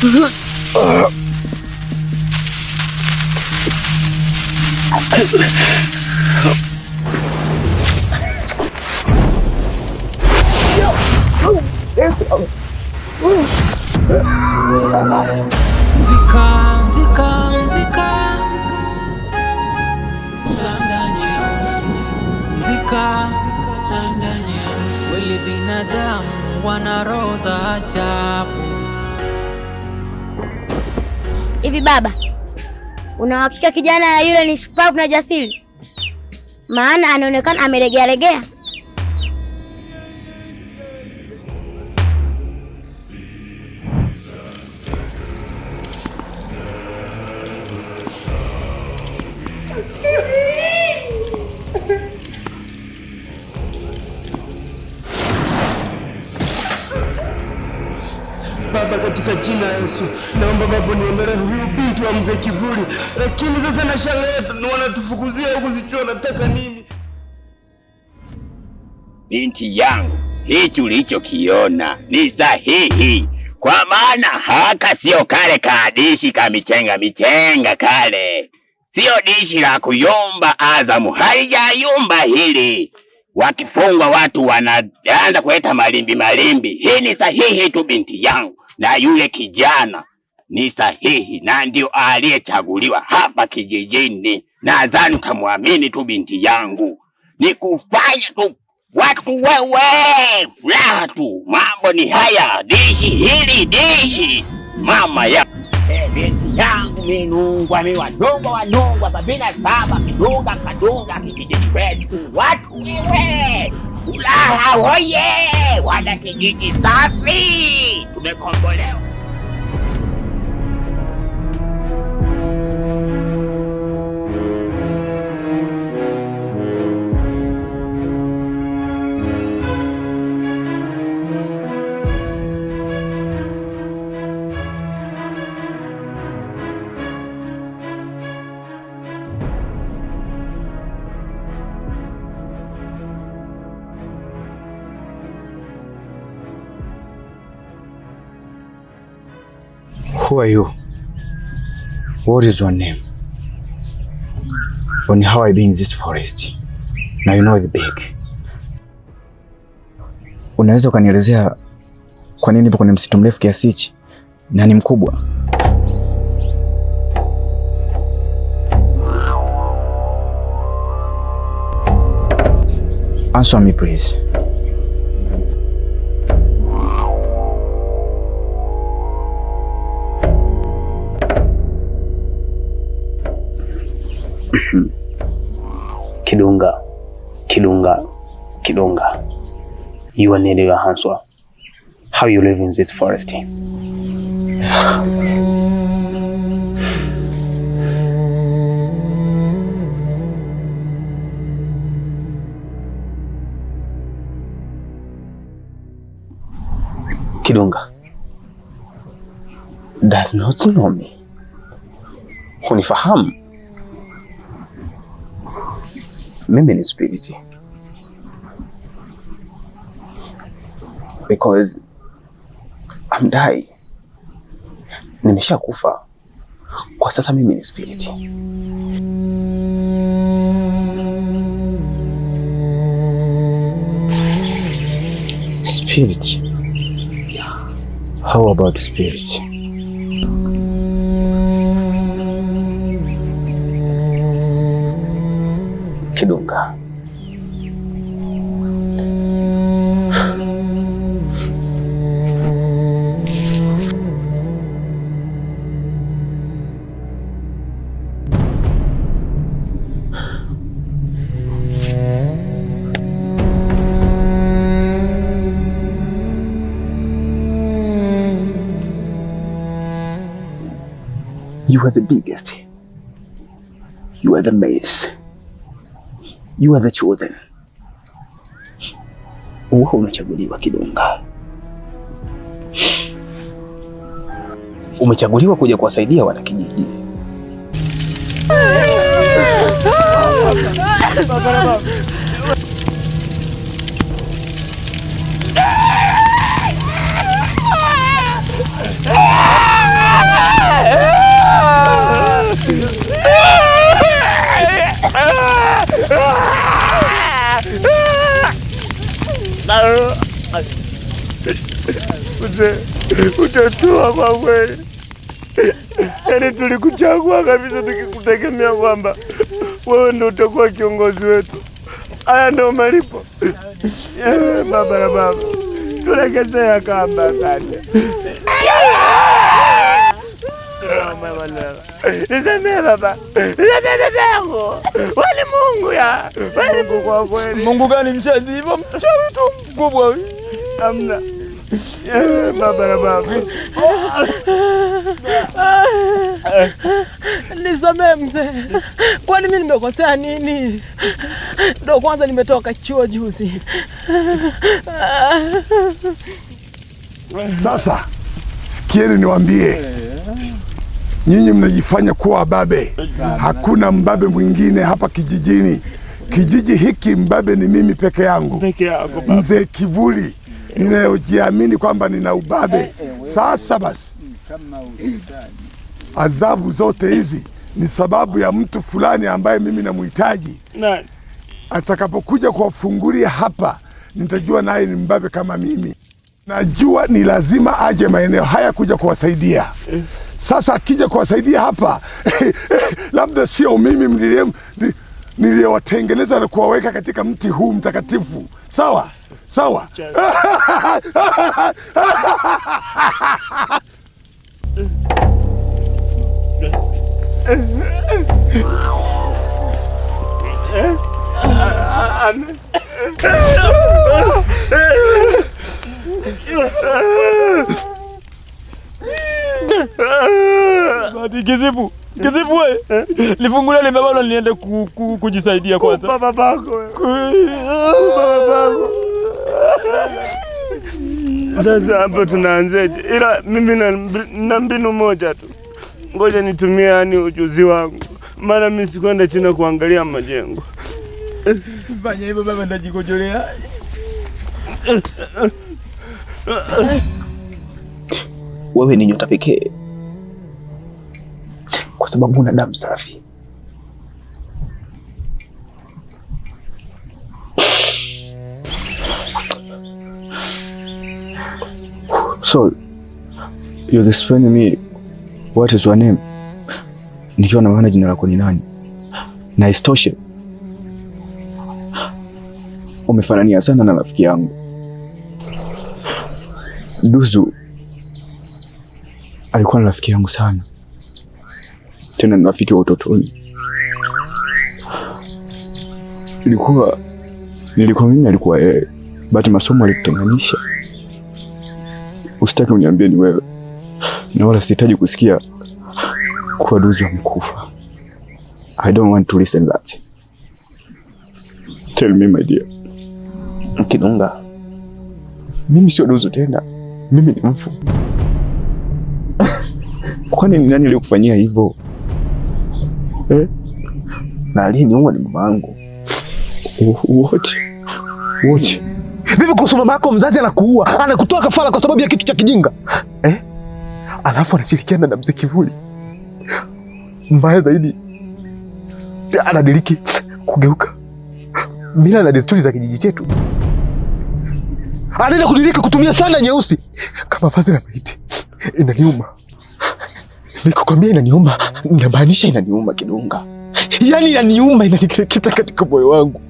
Kweli binadamu wana roho za ajabu. Hivi baba, unahakika kijana yule ni shupavu na jasiri? Maana anaonekana amelegea legea. unatufukuzia huku sijui unataka nini? Binti yangu, hichi ulichokiona ni sahihi, kwa maana haka sio kale kadishi kamichenga michenga kale, sio dishi la kuyumba. Azamu halijayumba hili, wakifungwa watu wanaanza kuleta malimbi malimbi. Hii ni sahihi tu binti yangu, na yule kijana ni sahihi na ndio aliyechaguliwa hapa kijijini nadhani utamwamini tu binti yangu, nikufanya tu watu wewe, furaha tu. Mambo ni haya, dishi hili dishi, mama ya binti yangu minungwa mi wanungwa wanungwa babina saba kidunga kadunga kijiji kwetu, watu wewe, furaha woye wana kijiji safi, tumekombolewa. Who are you? What is your name? On how I be in this forest? Now you know the big. Unaweza ukanielezea kwa nini nipo kwenye msitu mrefu kiasi hichi na ni mkubwa? Answer me please. kidunga kidunga kidunga you are needed a how you live in this forest Kidunga does not know me, hunifahamu mimi ni spirit because I'm die, nimesha kufa kwa sasa, mimi ni spirit. Spirit. How about spirit? duka. You are the biggest. You are the best. You are the chosen. Uwe umechaguliwa Kidunga, umechaguliwa kuja kuwasaidia wanakijiji. kuja tu hapa kweli. Yaani tulikuchagua kabisa tukikutegemea kwamba wewe ndio utakuwa kiongozi wetu. Haya ndio malipo. Ewe eh, baba na baba, tulegezea kamba. Asante nisemee wali Mungu ya wali Mungu kwa kweli. Mungu gani mchezi hivyo, mchawi tu mkubwa. Amna Baba nisamee mzee. Kwani mi nimekosea nini? Ndo kwanza nimetoka chuo juzi. Sasa sikieni niwaambie, nyinyi mnajifanya kuwa babe Hakuna mbabe mwingine hapa kijijini. Kijiji hiki mbabe ni mimi peke yangu, mzee Kivuli ninayojiamini kwamba nina ubabe. Eh, eh, Sasa basi, hmm, adhabu zote hizi ni sababu ya mtu fulani ambaye mimi namhitaji, atakapokuja kuwafungulia hapa nitajua naye ni mbabe kama mimi. Najua ni lazima aje maeneo haya kuja kuwasaidia. Eh. Sasa akija kuwasaidia hapa labda sio mimi mlilemu niliyowatengeneza na kuwaweka katika mti huu mtakatifu. Sawa sawa. Kizibu Kizibwe, lifungula ni mabalo niende kujisaidia kwanza. Baba babako. Sasa hapo tunaanzeje? Ila mimi na mbinu moja tu, ngoja nitumie yani ujuzi wangu, maana mimi sikwenda China kuangalia majengo. Fanya hivyo baba, ndajikojolea wewe ni nyota pekee sababu una damu safi. So you explain me what is your name, nikiwa na maana jina lako ni nani, na istoshe umefanania sana na rafiki yangu Duzu. Alikuwa na rafiki yangu sana tena ni rafiki wa utotoni. Ilikuwa nilikuwa mimi, alikuwa yeye, eh, bati masomo alikutenganisha. Usitaki uniambie ni wewe, na wala sihitaji kusikia kuwa Duzi amekufa. I don't want to listen that. Tell me my dear. Kidonga, mimi sio Duzu tena, mimi ni mfu. Kwani ni nani aliyokufanyia hivyo? Eh? na lini aliyeniua ni mama yangu wote wote. Vipi kuhusu mama yako mzazi, anakuua anakutoa kafara kwa sababu ya kitu cha kijinga eh? Alafu anashirikiana na mzee Kivuli. Mbaya zaidi, anadiriki kugeuka mila na desturi za kijiji chetu, anaenda kudiriki kutumia sana nyeusi kama vazi la maiti. Inaniuma, Nikukwambia inaniuma, namaanisha inaniuma Kidunga, yaani inaniuma, inanikereketa katika moyo wangu,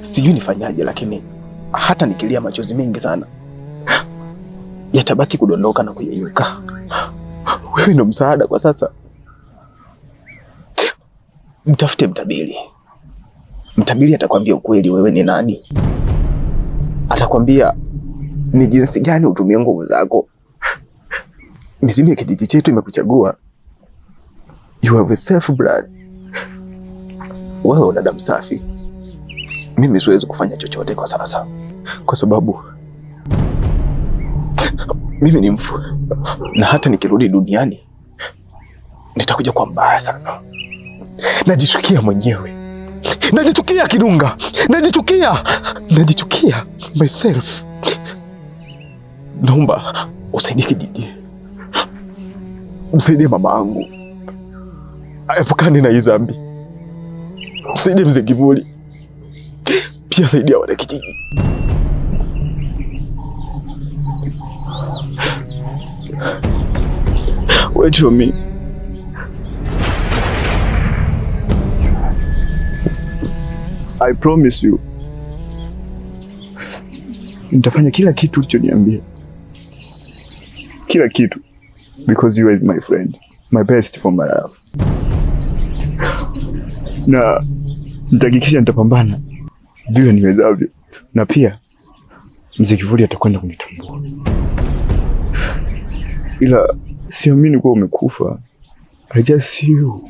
sijui nifanyaje, lakini hata nikilia machozi mengi sana yatabaki kudondoka na kuyeyuka. Wewe ndo msaada kwa sasa. Mtafute mtabiri, mtabiri atakwambia ukweli wewe ni nani, atakwambia ni jinsi gani utumie nguvu zako mizimu ya kijiji chetu imekuchagua. You have a safe blood. Wewe una damu safi. Mimi siwezi kufanya chochote kwa sasa, kwa sababu mimi ni mfu, na hata nikirudi duniani nitakuja kwa mbaya sana. Najichukia mwenyewe, najichukia Kidunga, najichukia, najichukia myself. Naomba usaidie kijiji Msaidie mama yangu aepukane na hii dhambi. Msaidie mzee Kivuli, pia saidia wanakijiji. We Chomi, I promise you, nitafanya kila kitu ulichoniambia, kila kitu because you are my friend, my best for my life. Na nitahakikisha nitapambana vile niwezavyo, na pia Mzee Kivuli atakwenda kunitambua, ila siamini kuwa umekufa. I just see you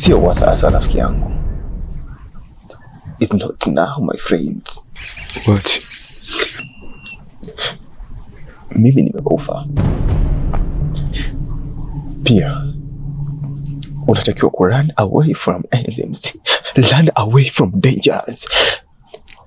sio kwa sasa, rafiki yangu. It's not now, my friends. What? Mimi nimekufa pia. Unatakiwa ku run away from enemies, run away from dangers.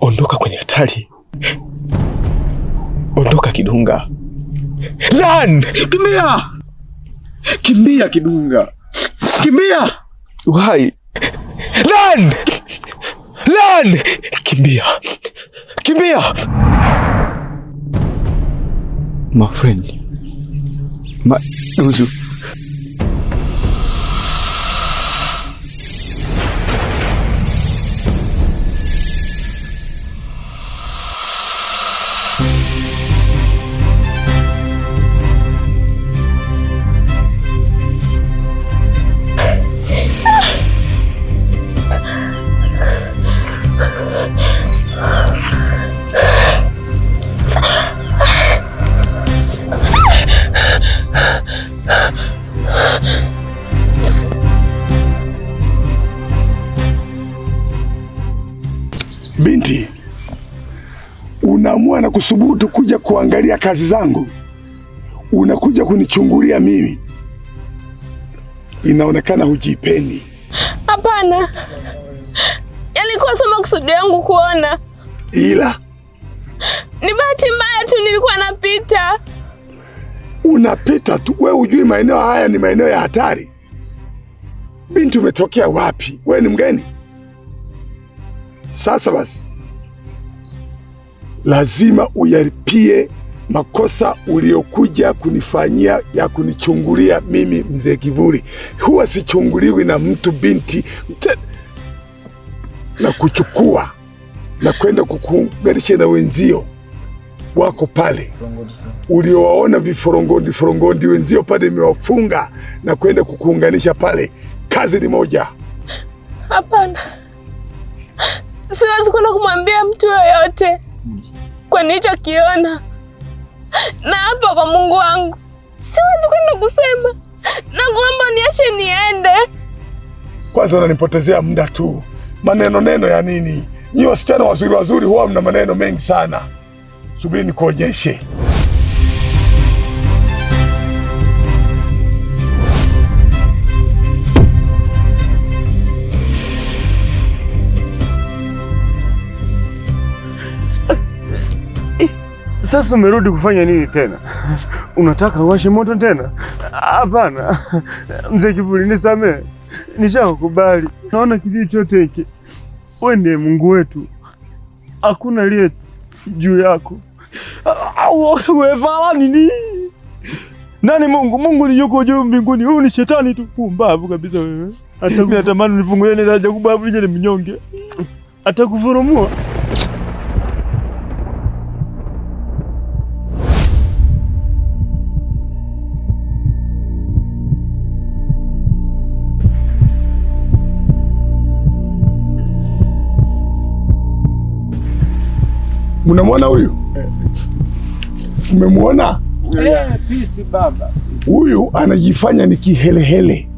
Ondoka kwenye hatari, ondoka Kidunga. Run! Kimbia, kimbia Kidunga, kimbia. me up! Give Kimbia, kimbia! My friend, my Duzu. kuangalia kazi zangu, unakuja kunichungulia mimi. Inaonekana hujipendi. Hapana, yalikuwa sio makusudi yangu kuona, ila ni bahati mbaya tu, nilikuwa napita. Unapita tu, we hujui maeneo haya ni maeneo ya hatari. Binti, umetokea wapi? We ni mgeni? Sasa basi lazima uyaripie makosa uliokuja kunifanyia ya kunichungulia mimi mzee Kivuli. Huwa sichunguliwi na mtu binti Mte... na kuchukua na kwenda kukuunganisha na wenzio wako pale uliowaona viforongondi forongondi wenzio pale, imewafunga na kwenda kukuunganisha pale. Kazi ni moja. Hapana, siwezi kwenda kumwambia mtu yoyote kwa nilichokiona, na hapa kwa Mungu wangu siwezi kwenda kusema, nakuomba niache niende. Kwanza unanipotezea muda tu, maneno neno ya nini? Nyi wasichana wazuri wazuri huwa mna maneno mengi sana. Subiri nikuonyeshe. Sasa umerudi kufanya nini tena? Unataka uwashe moto tena? Hapana mzee Kivuli, nisamee, nishakukubali. Naona kijiji chote hiki wewe ndiye Mungu wetu, hakuna aliye juu yako. Wevala nini? Nani Mungu? Mungu ni yuko juu mbinguni, huyu ni shetani tu. Pumbavu kabisa wewe. Hata mimi natamani nifungulie nje, yaani, haja kubavu nje, ni mnyonge, atakuvurumua Mnamwona huyu? Mmemwona huyu? Anajifanya ni kihelehele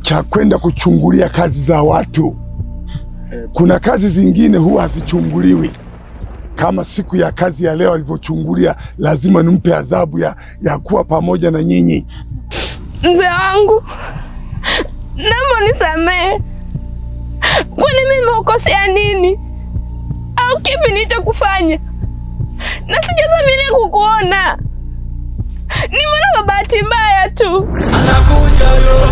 cha kwenda kuchungulia kazi za watu. Kuna kazi zingine huwa hazichunguliwi kama siku ya kazi ya leo alivyochungulia. Lazima nimpe adhabu ya, ya kuwa pamoja na nyinyi. Mzee wangu naomba unisamehe, kwani mimi nimekosea nini? kipi kufanya Na sijazamilia kukuona, nimeona kwa bahati mbaya tu. Anakuja huyo,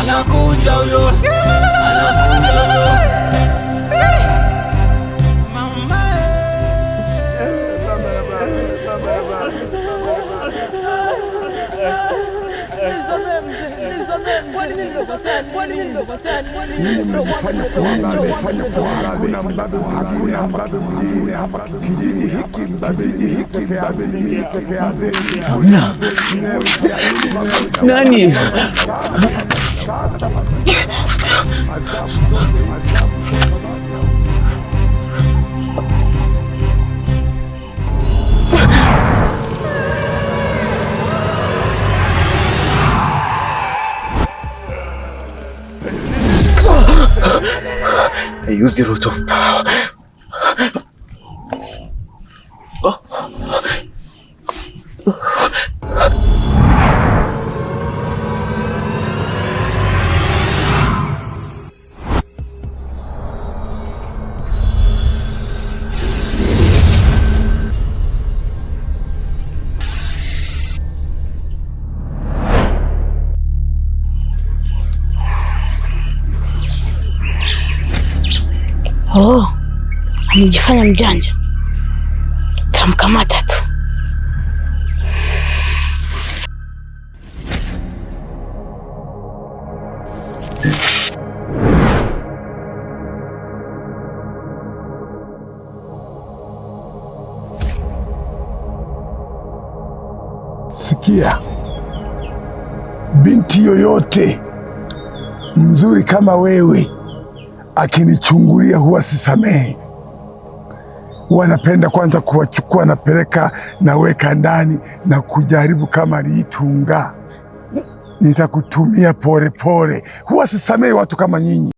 anakuja huyo. Mimi mmefanya kuanga, mbabe mwingine hapa kijini hiki, kijini hiki peke yake. Nani? Sasa I use the root of power amejifanya mjanja, tamkamata tu. Sikia, binti yoyote mzuri kama wewe akinichungulia huwa sisamehe huwa napenda kwanza kuwachukua napeleka naweka ndani na kujaribu kama liitunga nitakutumia polepole. Huwa sisamei watu kama nyinyi.